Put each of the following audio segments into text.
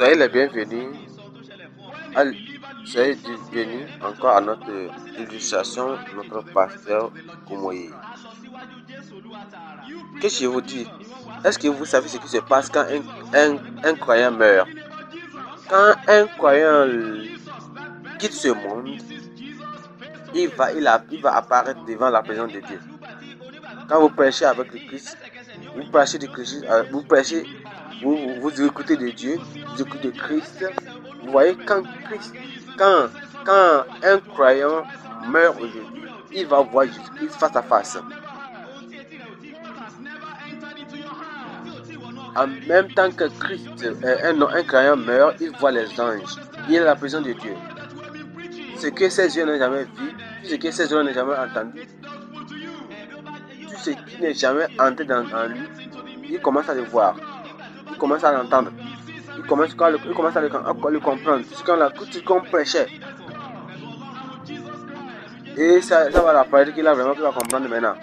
Soyez les bienvenus. Soyez bienvenus encore à notre illustration, notre pasteur Koumoye. Qu'est-ce que je vous dis Est-ce que vous savez ce qui se passe quand un, un, croyant meurt Quand un croyant quitte ce monde, il va, il, apparaître devant la présence de Dieu. Quand vous prêchez avec le Christ, vous prêchez du Christ, euh, vous prêchez vous, vous écoutez de Dieu, vous écoutez de Christ. Vous voyez, quand, quand, quand un croyant meurt aujourd'hui, il va voir jésus face à face. En même temps que Christ, euh, un, un croyant meurt, il voit les anges. Il est la prison de Dieu. Ce que ces yeux n'ont jamais vu, ce que ces yeux n'ont jamais entendu, tout ce qui n'est jamais entré dans, en lui, il commence à le voir il commence à l'entendre. Il commence, à le, il commence à, le, comprendre. Ce qu'on prêchait. Et ça, ça va l'apparaître qu'il a vraiment pu comprendre maintenant.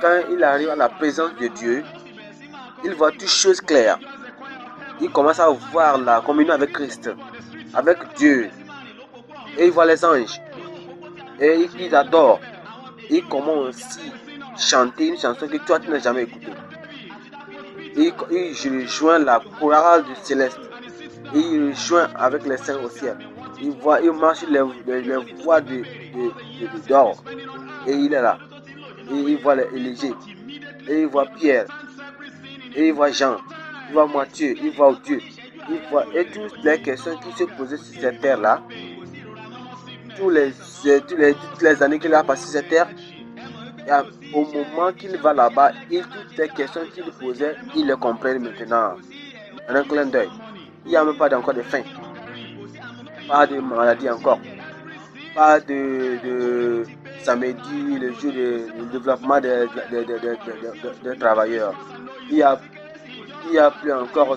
Quand il arrive à la présence de Dieu, il voit toutes choses claires. Il commence à voir la communion avec Christ, avec Dieu. Et il voit les anges. Et il adore. Il commence à chanter une chanson que toi tu n'as jamais écoutée et il rejoint la chorale du céleste. Et il rejoint avec les saints au ciel. Il voit, il marche les, les, voies d'or. Et il est là. Et il voit les Élégés. Et il voit Pierre. Et il voit Jean. Il voit Matthieu. Il voit Dieu. Il voit, et toutes les questions qui se posaient sur cette terre-là, tous les, les, toutes les années qu'il a passées sur cette terre, au moment qu'il va là-bas, toutes les questions qu'il posait, il les comprend maintenant. En un clin d'œil. Il n'y a même pas encore de faim. Pas de maladie encore. Pas de, samedi, le jour du développement des travailleurs. Il n'y a, plus encore.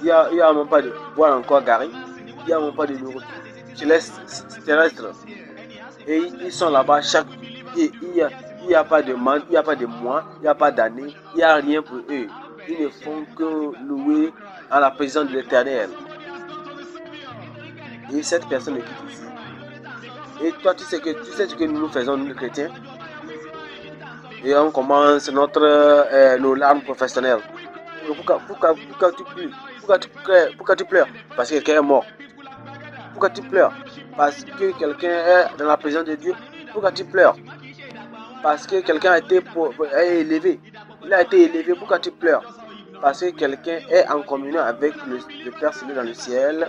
Il n'y a, a même pas de bois encore garé. Il n'y a même pas de nourriture terrestre et ils sont là-bas chaque et il n'y a, pas de manque, il n'y a pas de mois, il n'y a pas d'année, il n'y a rien pour eux. Ils ne font que louer à la présence de l'Éternel. Et cette personne est ici. Et toi, tu sais que tu sais ce que nous faisons, nous les chrétiens. Et on commence notre euh, nos larmes professionnelles. pourquoi tu pleures Parce que quelqu'un est mort. Pourquoi tu pleures Parce que quelqu'un est dans la présence de Dieu. Pourquoi tu pleures Parce que quelqu'un a été élevé. Il a été élevé. Pourquoi tu pleures Parce que quelqu'un est en communion avec le, Père Seigneur dans le ciel.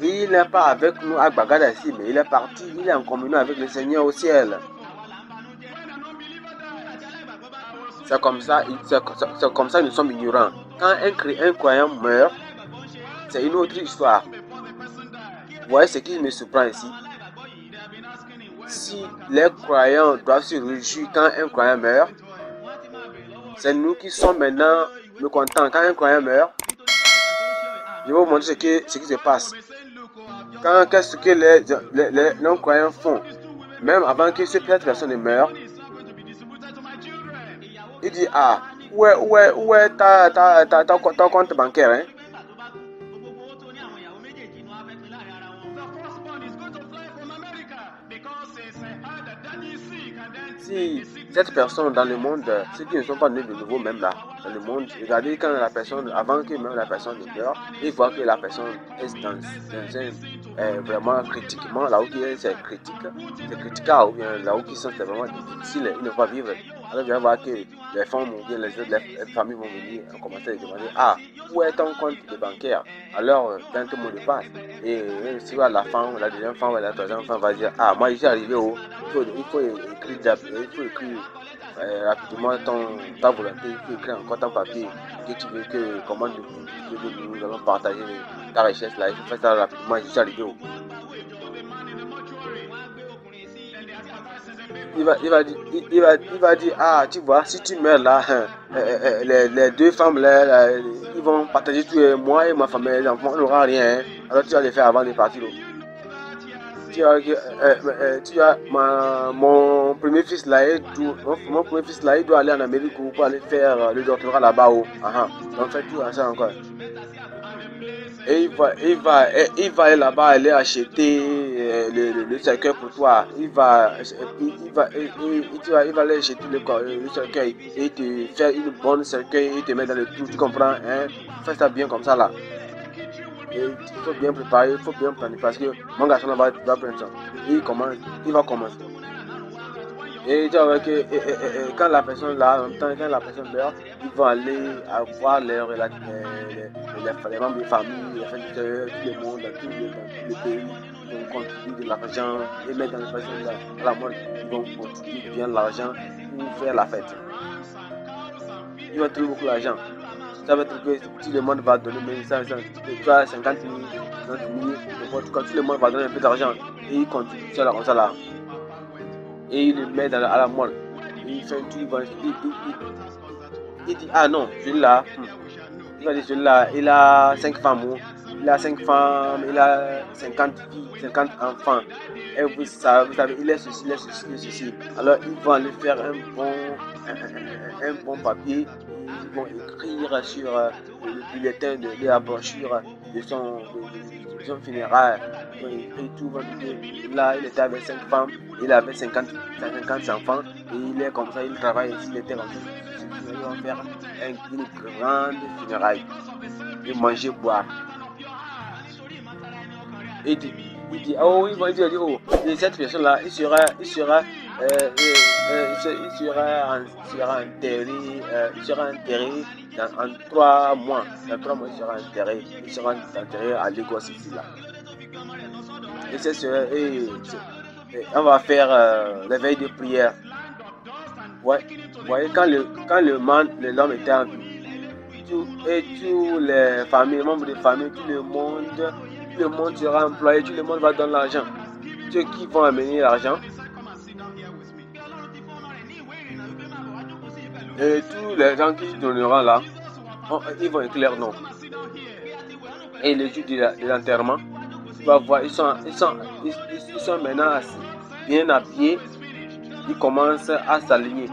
Il, n'est pas avec nous à Bagdad mais il est parti. Il est en communion avec le Seigneur au ciel. C'est comme ça, c'est comme ça que nous sommes ignorants. Quand un, croyant meurt, c'est une autre histoire. Vous voyez ce qui me surprend ici Si les croyants doivent se réjouir quand un croyant meurt, c'est nous qui sommes maintenant mécontents quand un croyant meurt. Je vais vous montrer ce qui, se passe. Quand qu'est-ce que les, non-croyants font, même avant que cette personne ne meure, il dit, ah, où est, où est, ta, ta, ton compte bancaire hein? Si cette personne dans le monde, ceux qui ne sont pas nés de nouveau même là, dans le monde, regardez quand la personne, avant que même la personne ne meure, il voit que la personne est dans, dans un, euh, vraiment critiquement, là où est c'est critique, c'est critiquable, là où il sent vraiment difficile, il ne va vivre alors je vais voir que les femmes vont venir les, les, familles vont venir commencer à demander Ah, où est ton compte de bancaire Alors, dans tout le monde passe. Et si la femme, la deuxième femme, la troisième femme va dire Ah, moi, j'ai arrivé où Il faut, il faut écrire, il faut écrire euh, rapidement ton, ta volonté, il faut écrire encore ton papier que tu veux que comment nous, nous, allons partager ta richesse là. Il faut faire ça rapidement, j'ai arrivé au. il va, il va, dire, il, va, il va dire, ah, tu vois, si tu meurs là, hein, euh, euh, euh, les, deux femmes là, ils vont partager tout, et moi et ma femme, les enfants n'auront rien. Hein. alors tu vas les faire avant de partir. Oh. Tu as, tu as mon premier fils là, il doit, mon premier fils là, il doit aller en Amérique pour aller faire le doctorat là-bas. Oh. Uh Donc fais tout ça encore et il va, il va, il va là-bas aller acheter euh, le, cercueil pour toi. Il va, il, va, il, va, aller acheter le, cercueil et te faire une bonne cercueil et te mettre dans le trou. Tu comprends hein? Fais ça bien comme ça là. il faut bien préparer, il faut bien prendre parce que mon garçon va, prendre ça. il va commencer. Et tu vois que quand la personne là, en même temps, quand la personne meurt, ils vont aller voir les, membres de famille, les familles, tout le monde, dans tout le, pays. Ils vont contribuer de l'argent et mettre dans les personnes là, la mort, ils vont contribuer bien l'argent pour faire la fête. Ils vont trouver beaucoup d'argent. Ça veut dire que tout le monde va donner, ça, 50 000, 50 000, quand tout le monde va donner un peu d'argent et ils contribuent ça la comme ça là et il le met dans la, à la moelle. Il fait tout, il va il, il, dit Ah non, celui-là, hmm. il va dire celui-là, il a 5 hein. femmes, il a 5 femmes, il a 50 filles, 50 enfants. Et vous savez, vous savez il est ceci, il est ceci, il est ceci. Alors ils vont lui faire un bon, un, un, bon papier. Ils vont écrire sur euh, le bulletin de, de la brochure de son. De, de, son funérailles. Et, tout va Là, il était avec cinq femmes, il avait 50, 50 enfants, et il est comme ça, il travaille ici, il était rendu. Ils vont faire une grande funéraille. Et manger, boire. Et il dit, oh oui, bon, il dit, oh, et cette personne-là, il sera, il sera, euh, euh, euh il sera, il sera enterré, euh, il sera enterré dans, en trois mois, dans trois mois, il sera enterré, il sera enterré à Lagos ici là. Et c'est et, et on va faire euh, l'éveil de prière. Ouais, vous voyez, quand le, quand le man, l'homme était en vie, et tous les familles, membres de famille, tout le monde, tout le monde sera employé, tout le monde va donner l'argent. Ceux qui vont amener l'argent, Et tous les gens qui donneront là, ils vont éclairer non. Et les jour de l'enterrement, tu vas voir, ils sont, ils sont, maintenant bien à pied, ils commencent à s'aligner.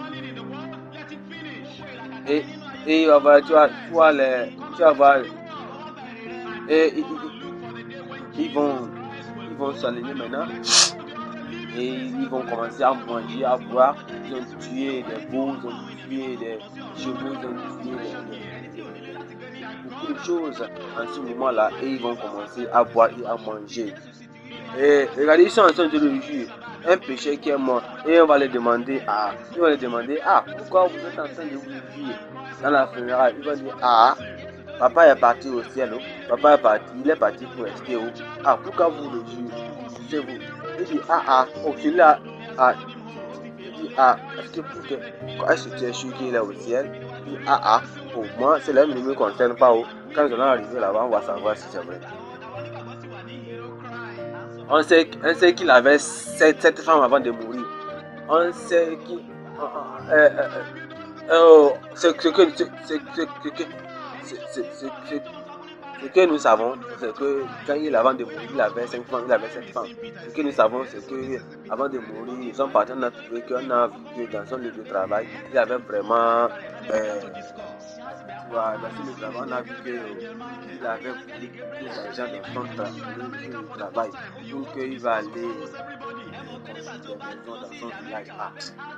Et, et tu vas voir, tu vas, tu les, tu vas voir, et vont, ils vont s'aligner maintenant et ils vont commencer à manger, à boire. Ils ont tué des bons, ils ont tué des chevaux, ils ont tué des, beaucoup de choses en ce moment-là et ils vont commencer à boire et à manger. Et regardez, ils sont en train de le juger. Un péché qui est mort. Et on va les demander à. ils vont les demander à pourquoi vous êtes en train de vous juger Dans la funéraille, ils vont dire Ah, papa est parti au ciel. Papa est parti. Il est parti pour rester où Ah, pourquoi vous le jugez vous il dit ah ah, ok là, ah, il dit ah, est-ce que pour que, est-ce que tu es sûr qu'il est au ciel Il dit ah ah, pour moi, c'est là ne me concerne pas. Oh. Quand on va arriver là-bas, on va savoir si c'est vrai. On sait, on sait qu'il avait sept, sept femmes avant de mourir. On sait qu'il. Ah, ah, ah, euh, euh, euh, oh, ce que. Ce que. Ce que. Ce que. Ce que nous savons, c'est que quand il, avant de mourir, il avait 5 femmes, il avait sept femmes. Ce que nous savons, c'est que avant de mourir, son patron a trouvé qu'on a vu dans son lieu de travail, il avait vraiment euh, pouvoir bah, bah, euh, nous avait euh, travail. pour euh, qu'il va aller dans son village. Ah,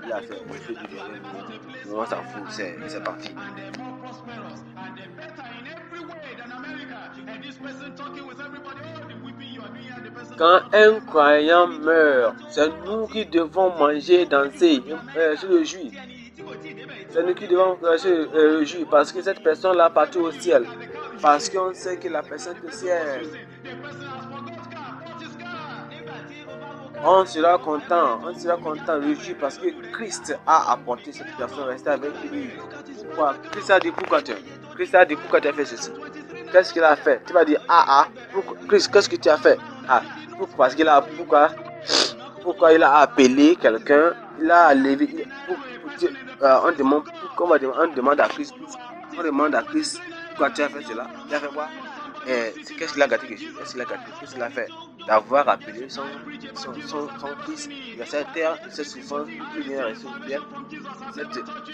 il a fait s'en c'est parti. Quand un croyant meurt, c'est nous qui devons manger, danser, sur le juif c'est nous qui devons se réjouir parce que cette personne-là partie au ciel. Parce qu'on sait que la personne au ciel. On sera content, on sera content, réjouir parce que Christ a apporté cette personne, rester avec lui. Pourquoi Christ a dit pourquoi tu Christ a dit pourquoi tu as fait ceci. Qu'est-ce qu'il a fait Tu vas dire ah ah, pourquoi, Christ, qu'est-ce que tu as fait Ah, pourquoi, parce qu'il a pourquoi, pourquoi il a appelé quelqu'un il a levé. on, demande, demande à Christ, on demande à Christ pourquoi tu as fait cela. Il a fait quoi Qu'est-ce qu'il a gâté que Qu'est-ce qu'il a gâté Qu'est-ce qu'il a fait D'avoir appelé son, son, son, son Christ a cette terre de cette souffrance,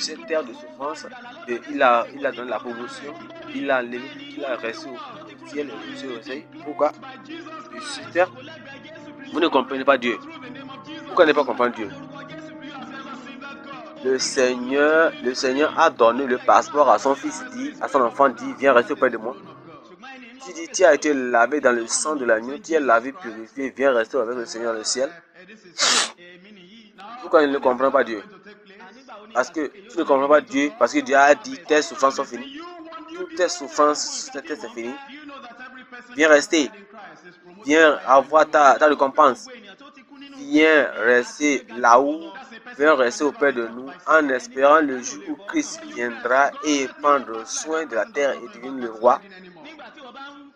cette, terre de souffrance, il, a, il a donné la promotion, il a levé, il a resté au ciel, au ciel, Pourquoi Sur terre, vous ne comprenez pas Dieu. Pourquoi ne pas comprendre Dieu le Seigneur, le Seigneur a donné le passeport à son fils, dit, à son enfant, dit, viens rester auprès de moi. Tu dis, tu as été lavé dans le sang de l'agneau, tu es lavé, purifié, viens rester avec le Seigneur le ciel. Pourquoi il ne comprend pas Dieu Parce que tu ne comprends pas Dieu, parce que Dieu a dit, tes souffrances sont finies. Toutes tes souffrances, tes sont finies. Viens rester. Viens avoir ta, ta récompense. Viens rester là où vient rester auprès de nous en espérant le jour où Christ viendra et prendre soin de la terre et devient le roi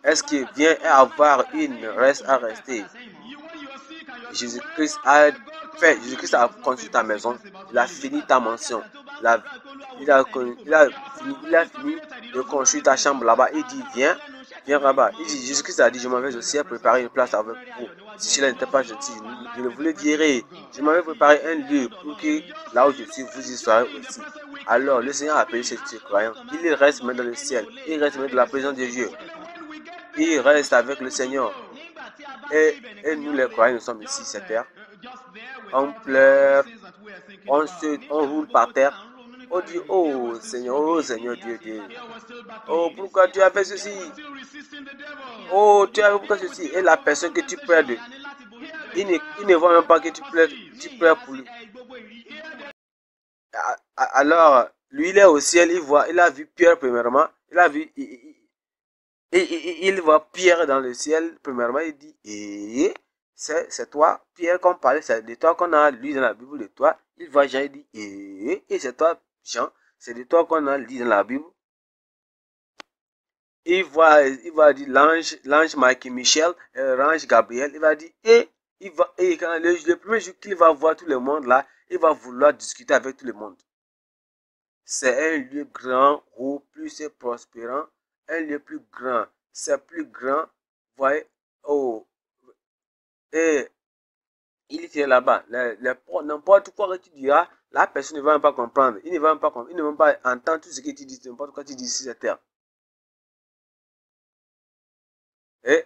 Est-ce qu'il vient avoir une reste à rester Jésus-Christ a fait, Jésus-Christ a construit ta maison, il a fini ta mention il il a, il a fini de construire ta chambre là-bas. Il dit Viens, Rabat, il dit Jésus-Christ a dit Je m'en vais aussi à préparer une place avec vous. Si cela n'était pas gentil, je le voulais je Je m'avais préparé un lieu pour que là où je suis, vous y soyez aussi. Alors le Seigneur a appelé ses croyants. Il reste maintenant dans le ciel. Il reste maintenant dans la présence de Dieu. Il reste avec le Seigneur. Et, nous, les croyants, nous sommes ici, cette terre. On pleure, on, se, on roule par terre, Oh Dieu, oh Seigneur, oh Seigneur Dieu, Dieu. Oh, pourquoi tu as fait ceci Oh, tu as fait ceci Et la personne que tu perds, il ne, il ne voit même pas que tu pleures, tu pour lui. Alors, lui, il est au ciel, il voit, il a vu Pierre premièrement, il a vu, il, il, voit Pierre dans le ciel premièrement, il dit, eh, eh c'est toi, Pierre, qu'on parlait, c'est de toi qu'on a lu dans la Bible de toi. Il voit Jean, il dit, eh, et eh, eh, c'est toi, Jean, c'est de toi qu'on a dit dans la Bible. Il va, il va dire l'ange, l'ange Michel, euh, l'ange Gabriel, il va dire, et, il va, et quand le, premier jour qu'il va voir tout le monde là, il va vouloir discuter avec tout le monde. C'est un lieu grand où plus c'est prospérant, un lieu plus grand, c'est plus grand, voyez, oh, et il était là-bas. n'importe quoi que tu diras, la personne ne va même pas comprendre. Il ne va même pas, il ne va pas entendre tout ce que tu dis, n'importe quoi tu dis sur cette terre. Et,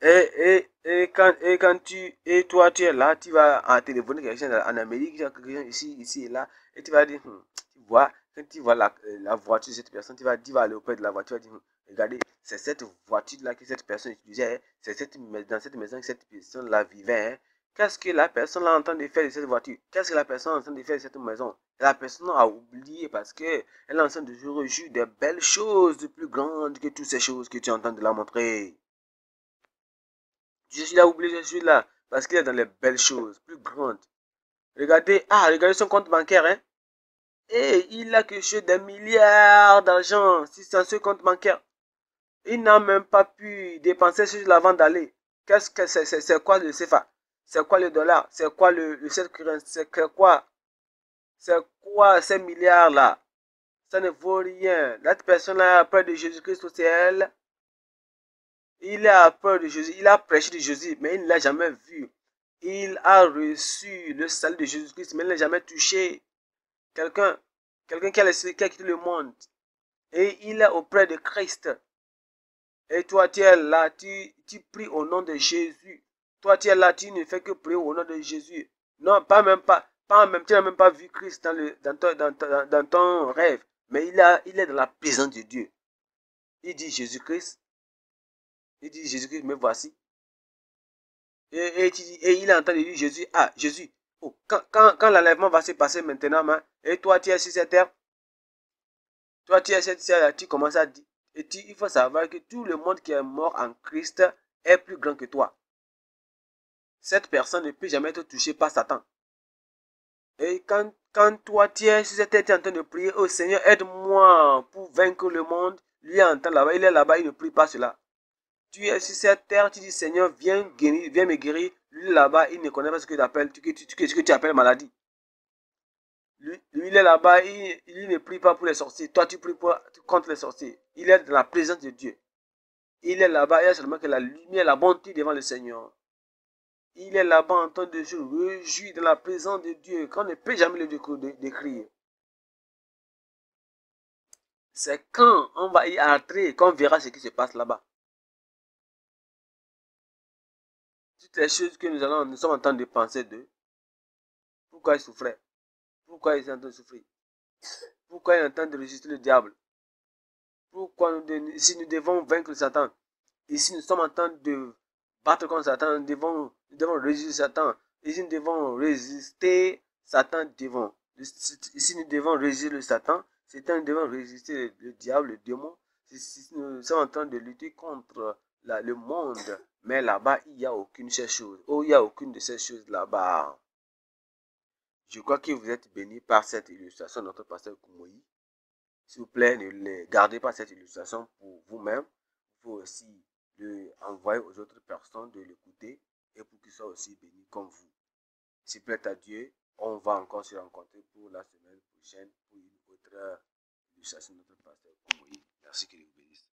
et, et, et, quand, et quand tu, et toi, tu es là, tu vas en téléphoner quelqu'un en Amérique, quelqu'un ici, ici et là, et tu vas dire, hmm, tu vois, quand tu vois la, la voiture de cette personne, tu vas, tu va aller auprès de la voiture, tu vas dire, hmm, regardez, c'est cette voiture-là que cette personne utilisait, hein. c'est cette, dans cette maison que cette personne-là vivait, hein. Qu'est-ce que la personne est en train de faire de cette voiture Qu'est-ce que la personne est en train de faire de cette maison La personne a oublié parce qu'elle est en train de jouer des belles choses, de plus grandes que toutes ces choses que tu es en train de la montrer. Je suis là, oublié, je suis là parce qu'il est dans les belles choses, plus grandes. Regardez, ah, regardez son compte bancaire, hein. Et eh, il a chose des milliards d'argent si ce compte bancaire. Il n'a même pas pu dépenser sur l'avant d'aller. Qu'est-ce que c'est, c'est quoi le CFA c'est quoi le dollar C'est quoi le, le C'est quoi C'est quoi ces milliards-là Ça ne vaut rien. La personne-là a peur de Jésus-Christ, au ciel. Il a peur de Jésus. Il a prêché de Jésus, mais il ne l'a jamais vu. Il a reçu le salut de Jésus-Christ, mais il n'a jamais touché. Quelqu'un quelqu'un qui, qui a quitté le monde. Et il est auprès de Christ. Et toi, tu es là, tu pries au nom de Jésus. Toi, tu es là, tu ne fais que prier au nom de Jésus. Non, pas même pas. pas même, tu n'as même pas vu Christ dans, le, dans, ton, rêve. Mais il, a, il est dans la présence de Dieu. Il dit Jésus-Christ. Il dit Jésus-Christ, me voici. Et, et, il est en Jésus, ah, Jésus, oh, quand, l'enlèvement va se passer maintenant, hein, et toi tu es sur cette terre, toi tu es sur cette terre, tu commences à dire, et tu, il faut savoir que tout le monde qui est mort en Christ est plus grand que toi cette personne ne peut jamais être touchée par Satan. Et quand, quand toi, tu es, tu es en train de prier, oh Seigneur, aide-moi pour vaincre le monde, lui entend là-bas, il est là-bas, il ne prie pas cela. Tu es sur cette terre, tu dis Seigneur, viens, guérir, viens me guérir. Lui là-bas, il ne connaît pas ce que tu appelles, ce que tu appelles maladie. Lui, il est là-bas, il, il, ne prie pas pour les sorciers. Toi, tu pries contre les sorciers. Il est dans la présence de Dieu. Il est là-bas, il y a seulement que la lumière, la bonté devant le Seigneur. Il est là-bas en temps de jour, réjoui de la présence de Dieu, qu'on ne peut jamais le décrire. C'est quand on va y entrer qu'on verra ce qui se passe là-bas. Toutes les choses que nous, allons, nous sommes en train de penser d'eux. pourquoi il souffrait, pourquoi ils est en train de souffrir, pourquoi il est en train de résister le diable, pourquoi nous, si nous devons vaincre Satan, ici nous sommes en train de battre contre Satan, nous devons, résister Satan. nous devons résister Satan devant. Ici, nous devons résister le Satan. Satan, nous devons résister le diable, le démon. nous sommes en train de lutter contre le monde. Mais là-bas, il n'y a aucune de ces choses. Oh, il n'y a aucune de ces choses là-bas. Je crois que vous êtes bénis par cette illustration notre pasteur Koumoui. S'il vous plaît, ne gardez pas cette illustration pour vous-même. Vous aussi de envoyer aux autres personnes de l'écouter et pour qu'ils soient aussi bénis comme vous. S'il plaît à Dieu, on va encore se rencontrer pour la semaine prochaine pour une autre heure, de notre pasteur Merci que Dieu vous bénisse.